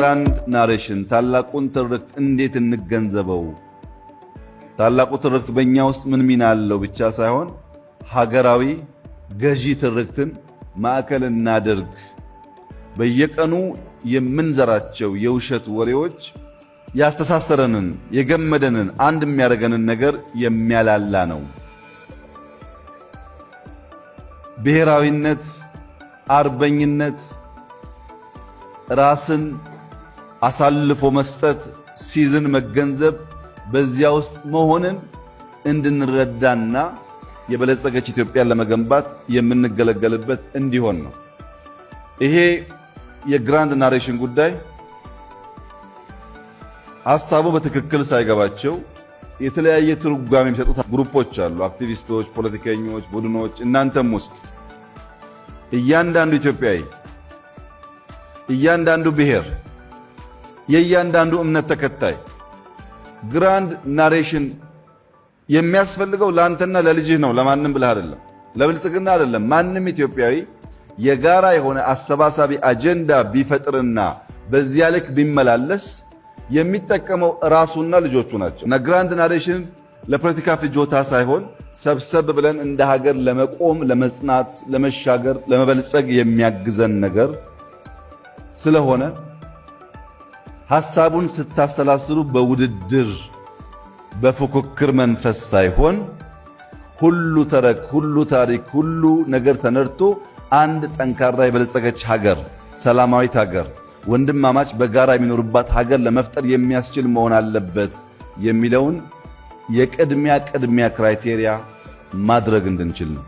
ግራንድ ናሬሽን ታላቁን ትርክት እንዴት እንገንዘበው? ታላቁ ትርክት በእኛ ውስጥ ምን ሚና አለው ብቻ ሳይሆን ሀገራዊ ገዢ ትርክትን ማዕከል እናድርግ። በየቀኑ የምንዘራቸው የውሸት ወሬዎች ያስተሳሰረንን የገመደንን አንድ የሚያደርገንን ነገር የሚያላላ ነው። ብሔራዊነት፣ አርበኝነት፣ ራስን አሳልፎ መስጠት ሲዝን መገንዘብ በዚያ ውስጥ መሆንን እንድንረዳና የበለጸገች ኢትዮጵያን ለመገንባት የምንገለገልበት እንዲሆን ነው። ይሄ የግራንድ ናሬሽን ጉዳይ ሀሳቡ በትክክል ሳይገባቸው የተለያየ ትርጓሜ የሚሰጡት ግሩፖች አሉ። አክቲቪስቶች፣ ፖለቲከኞች፣ ቡድኖች እናንተም ውስጥ እያንዳንዱ ኢትዮጵያዊ፣ እያንዳንዱ ብሔር የእያንዳንዱ እምነት ተከታይ ግራንድ ናሬሽን የሚያስፈልገው ለአንተና ለልጅህ ነው፣ ለማንም ብለህ አይደለም፣ ለብልጽግና አይደለም። ማንም ኢትዮጵያዊ የጋራ የሆነ አሰባሳቢ አጀንዳ ቢፈጥርና በዚያ ልክ ቢመላለስ የሚጠቀመው ራሱና ልጆቹ ናቸው እና ግራንድ ናሬሽን ለፖለቲካ ፍጆታ ሳይሆን ሰብሰብ ብለን እንደ ሀገር ለመቆም ለመጽናት፣ ለመሻገር፣ ለመበልጸግ የሚያግዘን ነገር ስለሆነ ሐሳቡን ስታሰላስሉ በውድድር በፉክክር መንፈስ ሳይሆን ሁሉ ተረክ፣ ሁሉ ታሪክ፣ ሁሉ ነገር ተነድቶ አንድ ጠንካራ የበለጸገች ሀገር፣ ሰላማዊት ሀገር፣ ወንድማማች በጋራ የሚኖርባት ሀገር ለመፍጠር የሚያስችል መሆን አለበት የሚለውን የቅድሚያ ቅድሚያ ክራይቴሪያ ማድረግ እንድንችል ነው።